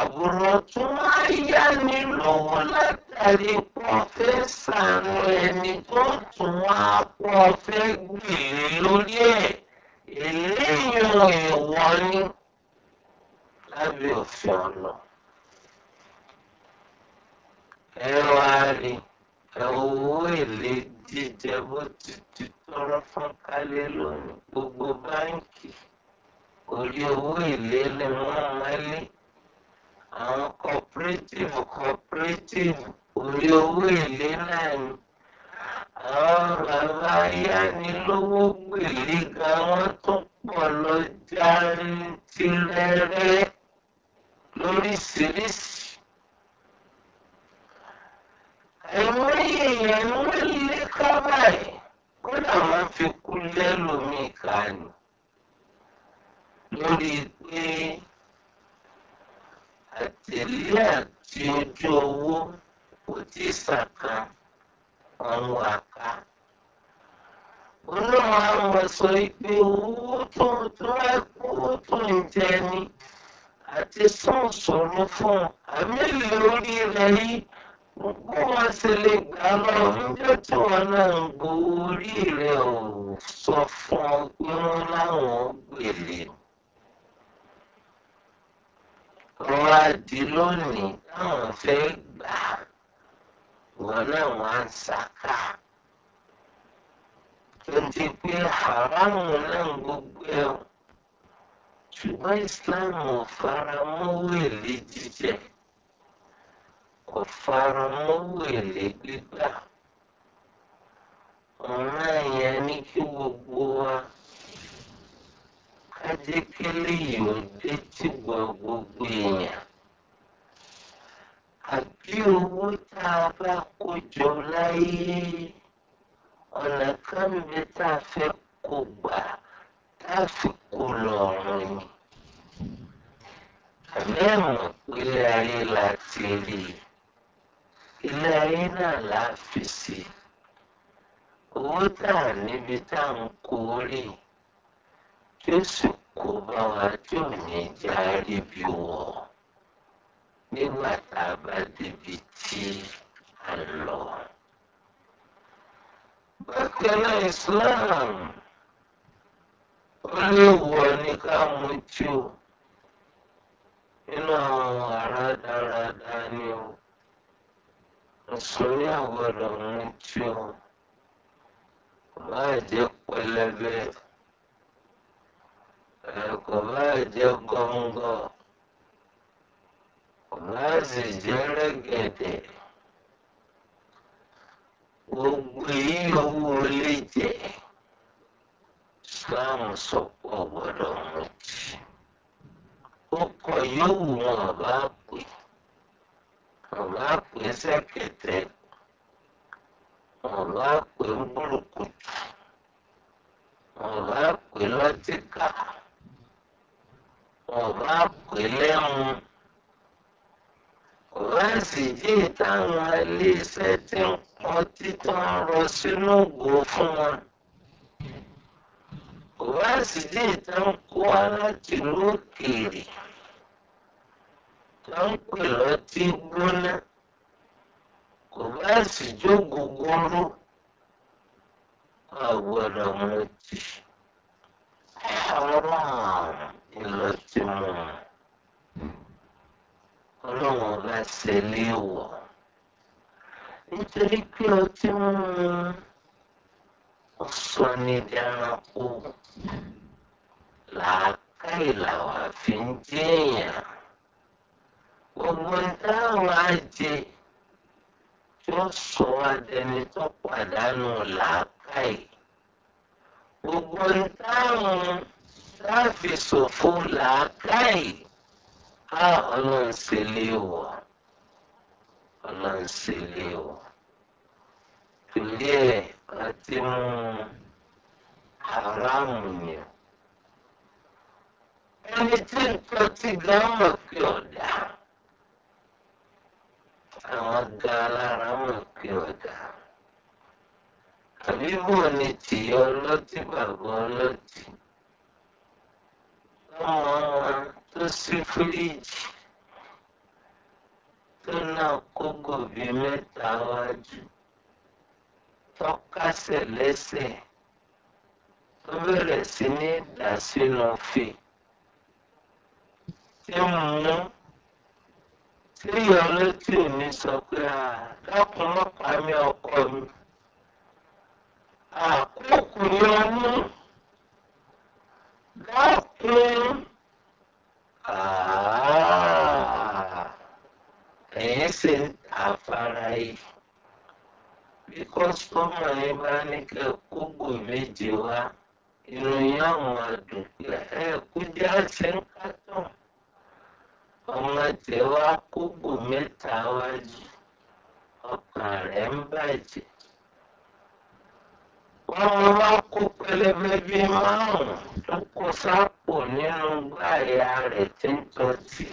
àbúrò tó máa yáni lówó látàrí pọfẹ́sà ẹni tó tún wá pọfẹ́ gbèrè lórí ẹ̀ eléyìí ìwọ ni lábẹ́ òfin ọ̀nà ẹ wá rí owó èlé jíjẹ bó ti ti tọrọ fọ́nkálẹ̀ lónìí gbogbo báńkì orí owó èlé lè máa mọ́lé àwọn cooperative cooperative orí owó èlé náà ni àwọn bàbá ayánilówó gbèlè ga wọn tó pọ̀ lọ járe tirẹrẹ lóríṣiríṣi ẹ̀wọ́n èèyàn ló lé kábàáyé kódà wọ́n fi kú lẹ́lòmíì kánú lórí pé àtẹ̀lé àti ojú owó kò tí ì sàkà ọ̀run àká. Olóòwò àwọn sọ pé owó tó ń tó ẹkú tó ń jẹ ni àti sọ̀nsọ̀rọ̀ fún un àmì lórí rẹ̀ yìí bó wọn ṣe lè gbà lọ níjọ́ tí wọn náà ń gbowó orí rẹ̀ ò sọ fún ọ pé wọn láwọn gbèlè. ọ̀rọ̀ adì lónìí táwọn fẹ́ gbà wọn náà wá ń ṣàkà. tó pé haramu náà gbogbo ẹ̀ ṣùgbọ́n Islam ò fara mọ́ wẹ̀lẹ̀ jíjẹ kò fara mọ́ èlé gbígbà ọ̀ràn yẹn ní kí gbogbo wa ká jẹ́ kí léyìí ó dé tí gbọ́ gbogbo èèyàn àbí owó tá a bá kó jọ láyé ọ̀nà kan bẹ tá a fẹ́ kó gbà tá a fi kó lọ́rùn ni àbí ẹ̀mọ̀ pé ayé la ti rí i ilé ayé náà là á fi sí owó tà níbi tá à ń kó rí tí ó sì kó bá wa tí ò ní já ríbi wọ̀ nígbà tá a bá débi tí a lọ. bákan náà Islam ó léwọ ní ká mú tí o nínú àwọn àràdáradá ni o nítorí àwọn ọ̀rọ̀ ń tí o máa jẹ́ pẹlẹbẹ kò máa jẹ́ gọ́ngọ́ kò máa sì jẹ́ rẹ́gẹ̀dẹ̀ gbogbo èyí owó lè jẹ́ Islam sọ pé ọ̀gbọ́dọ̀ mú ti ó kọ yóò wù ọ̀gá pè é sẹ́kẹ̀tẹ̀ ọ̀gá pè é burúkutu ọ̀gá pè é lọ́tíkà ọ̀gá pè é lẹ́mu ọ̀gá sì jí ìtàwọn iléeṣẹ́ tí ń pọn títàn rọ sínú ògo fún wọn ọ̀gá sì jí ìtàn kó aláàtì lókèèrè ló ń pè lọ́tí gbóná kò bá sì jókòó gbóró àgbọ̀dọ̀ mọ̀tì àwọn ìlọtí mu ọlọ́wọ́n bá ṣe léèwọ̀ nítorí pé ọtí mímu ọsọ ní dánákú làákàyè làwọn àfi ń jẹ́ èèyàn gbogbo táwọn á jẹ tí ó sọ adẹni tó pàdánù làákàyè gbogbo táwọn láàfin ṣòfò làákàyè á ọlọ́run ṣe lé wọ̀ ọlọ́run ṣe lé wọ̀ torí ẹ̀ ọtí mú haramu ni ẹni tí nǹkan ti gan mọ̀ pé ọ̀dà àwọn òkè ọ̀dà àbí bò ní tìyọ ọlọ́tì bàbá ọlọ́tì lọ́wọ́ wọn tó sí fíríjì tó náà kó gòbí mẹ́ta wájú tọ́kasẹ̀ lẹ́sẹ̀ tó bẹ̀rẹ̀ sí ní sínú fè tí mo mú tí ọlọ́tì mi sọ pé à dákun mọ́pàá mi ọkọ mi àkókò ni ọ mú dákun ẹ̀yìn sì ń àfara yìí bí kọ́sítọ́mù yìí bá ní kẹ́ kókò méje wá ìròyìn àwọn àdùn ẹ kú jẹ́ àṣẹ ń kátàn ọmọ tẹ wá kógò mẹ́ta wájú ọkàn rẹ̀ ń bàjẹ́ wọ́n wá kó pẹlẹbẹ bíi márùn-ún tó kó sápò nínú gbáàyà rẹ̀ tí ń tọ́tí.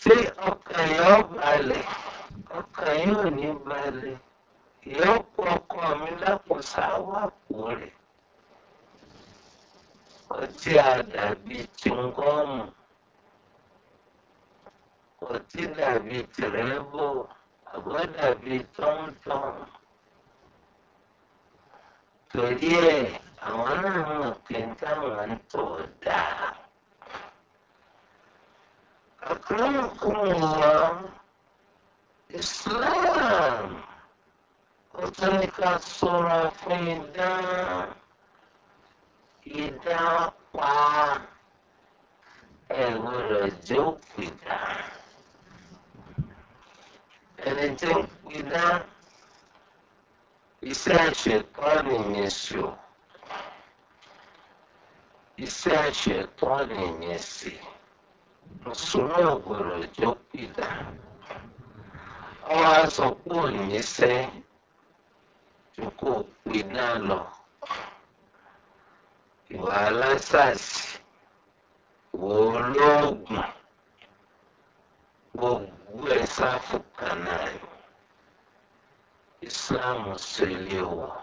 ṣé ọkàn yóò balẹ̀ ọkàn yóò ní balẹ̀ yóò kó ọkọ mi lápò sáwà rẹ̀ ọtí àdàbí chingọ́ọ̀mù ọtí dàbí tìrẹ́bù àgọ́ dàbí tọ́mtọ́m torí ẹ̀ àwọn náà mọ̀ pé táwọn ń tọ̀ dáa. أكرمكم الله إسلام وتلك الصورة في الدار idán pa ẹ̀rù rẹ̀ jẹ́ òpìdá ẹni tí ó pidá iṣẹ́ àṣetọ́ni ni ṣò iṣẹ́ àṣetọ́ni ni ṣì mùsùlùmí ọ̀gbọ̀rọ̀ jẹ́ òpìdá ọwọ́ aṣọ kúrò níṣẹ́ ju kó pidá lọ ìwà alásàsì ìwà olóògùn gbogbo ẹ̀ sáfùkà náà ìsìláàmù sọ ilé wọ̀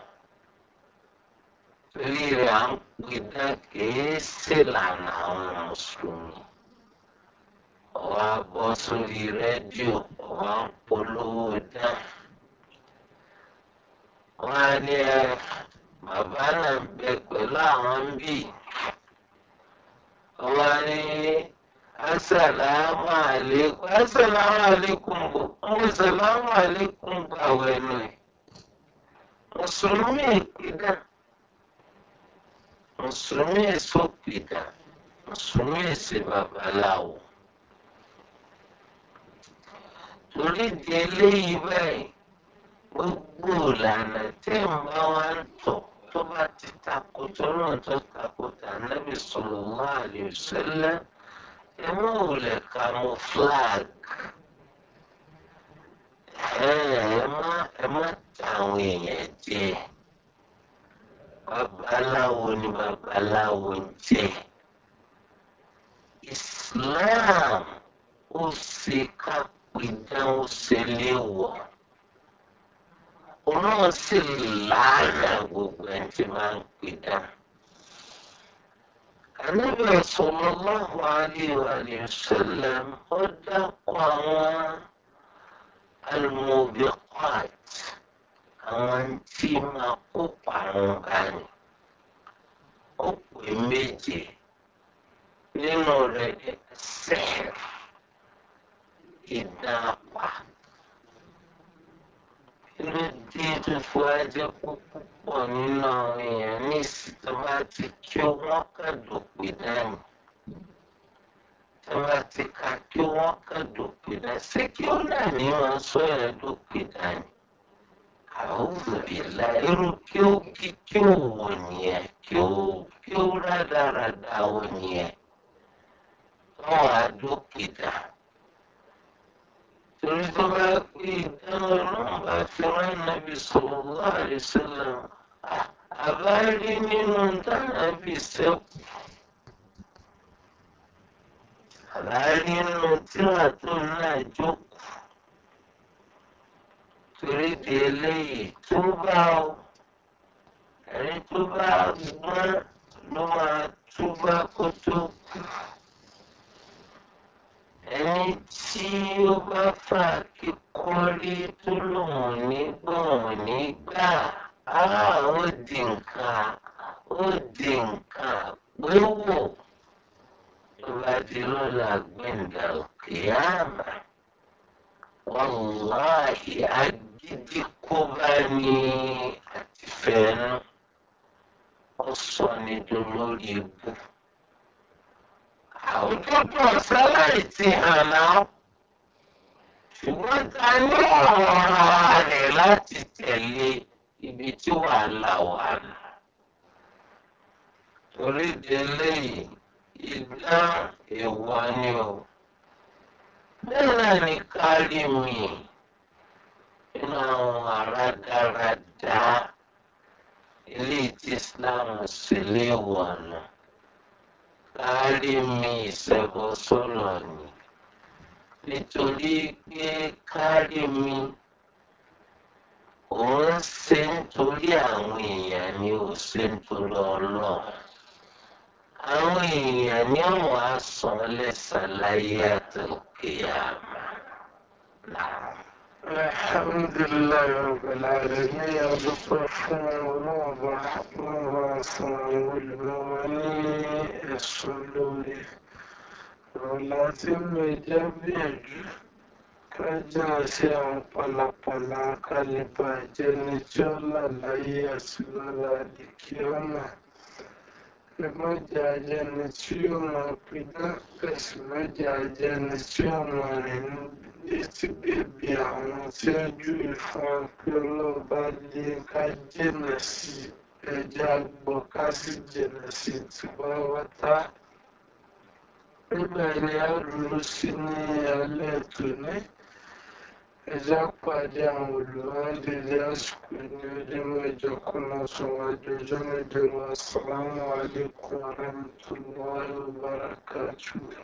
torí rẹ̀ à ń pè dá kìí ṣèlànà àwọn mùsùlùmí ọ̀wá bọ́ sórí rédíò ọ̀wá ń polówó dá wọ́n á ní ẹ bàbá náà ń bẹ pẹ̀lú àwọn ń bì. ọba ní asàlámù àlékún asàlámù àlékún bò ń bò sàlámù àlékún bò àwọn ẹnu ẹ̀. mùsùlùmí ìpìdá mùsùlùmí ìsọpìdá mùsùlùmí ìsè babaláwo. torí ìdí eléyìí báyìí gbogbo ìlànà tí ń bá wa ń tọ̀ tó bá ti takò tọ́lọ́ tó takò tànàbì sallallahu alaihi wasallam ẹ má wulẹ̀ camouflage ẹ má ẹ má tàwọn èèyàn jẹ babaláwo ni babaláwo ń jẹ Islam ó ṣe ká pidán ó ṣe léwọ̀ ọlọ́run sì láàyè gbogbo ẹni tí máa ń pè dá. Ànábì sallallahu alaihi wa sallam ó dákọ̀ àwọn al-mubiqat àwọn tí máa kó parun báyìí. Ó pè méje nínú rẹ̀ sẹ́ẹ̀rì ìdáàpá irú tí ìtúfò ajẹ́ púpọ̀ nínú àwọn èèyàn ní ìsìtọ́ba ti kí wọ́n kàdùn pé dání tọ́ba ti ka kí wọ́n kàdùn pé dání ṣé kí ó náà ní wọn sọ ẹ̀rọ dùn pé dání àwòrán irú kí ó kí kí ó wò nìyẹn kí ó kí ó rádaràdà wò nìyẹn wọn á dùn pé dání torí tó bá pé nǹkan ọlọ́run bá fi rán nàbì sallallahu alaihi wasallam àbá rí nínú tánàbì sẹ́kù àbá rí nínú tíra tó náà jókòó torí di eléyìí tó bá ọ ẹni tó bá gbọ́n ló máa túbá kó tó kú ẹni tí ó bá fà kíkọ́rí tó lòun nígbọ̀n nígbà á ó di nǹkan ó di nǹkan gbéwò tó bá di lọ́la gbẹ̀ǹdà òkè àmà wàláhì agídí kó bá ní àtìfẹ́ràn ó sọ ní dolórí ibú àwùjọ bọ̀ sálárì ti hàn náà ṣùgbọ́n ta ní ọ̀rọ̀ ara rẹ̀ láti tẹ̀lé ibi tí wàhálà wà nà. torí délé yìí iná èèwọ̀ ni o bẹ́ẹ̀ náà ni kárí mi nínú àwọn àràdáradá ilé tí sílé wọ̀ kárí mi ìṣẹ́gun sọ́nà ni nítorí pé kárí mi ò ń ṣe nítorí àwọn èèyàn ni ò ṣe nítorí ọlọ́run àwọn èèyàn ni àwọn asán lẹ́sàn-án láyé àtẹ̀kẹ́ àmà الحمد لله رب العالمين الرحمن الرحيم وصام البواني الصلوري láti mẹjọ gbìyànjú kájà sí àwọn pàlàpàlà kálíbà jẹni tí ó lálàyé àti lọ́la àdìkíọ́nà ẹ má jẹ ajẹni tí ó máa pidán ẹ sì má jẹ ajẹni tí ó máa rìn níbi síbẹ̀ bí àwọn tí ń júwe fún wa pé ọlọ́ọ̀bá lè ká jìnà sí ẹja gbọ́ ká sì jìnà sí tiwáwátá nígbà ilẹ̀ àdúró sí ní alẹ́ tòní ẹja pàdé àwọn olùwádìí lásìkò ní ọjọ́ mẹ́jọ kó lọ sọ wájú ọjọ́ mẹ́jọ lọ sàlámù alaykum warahmatullahi wabarakatuh.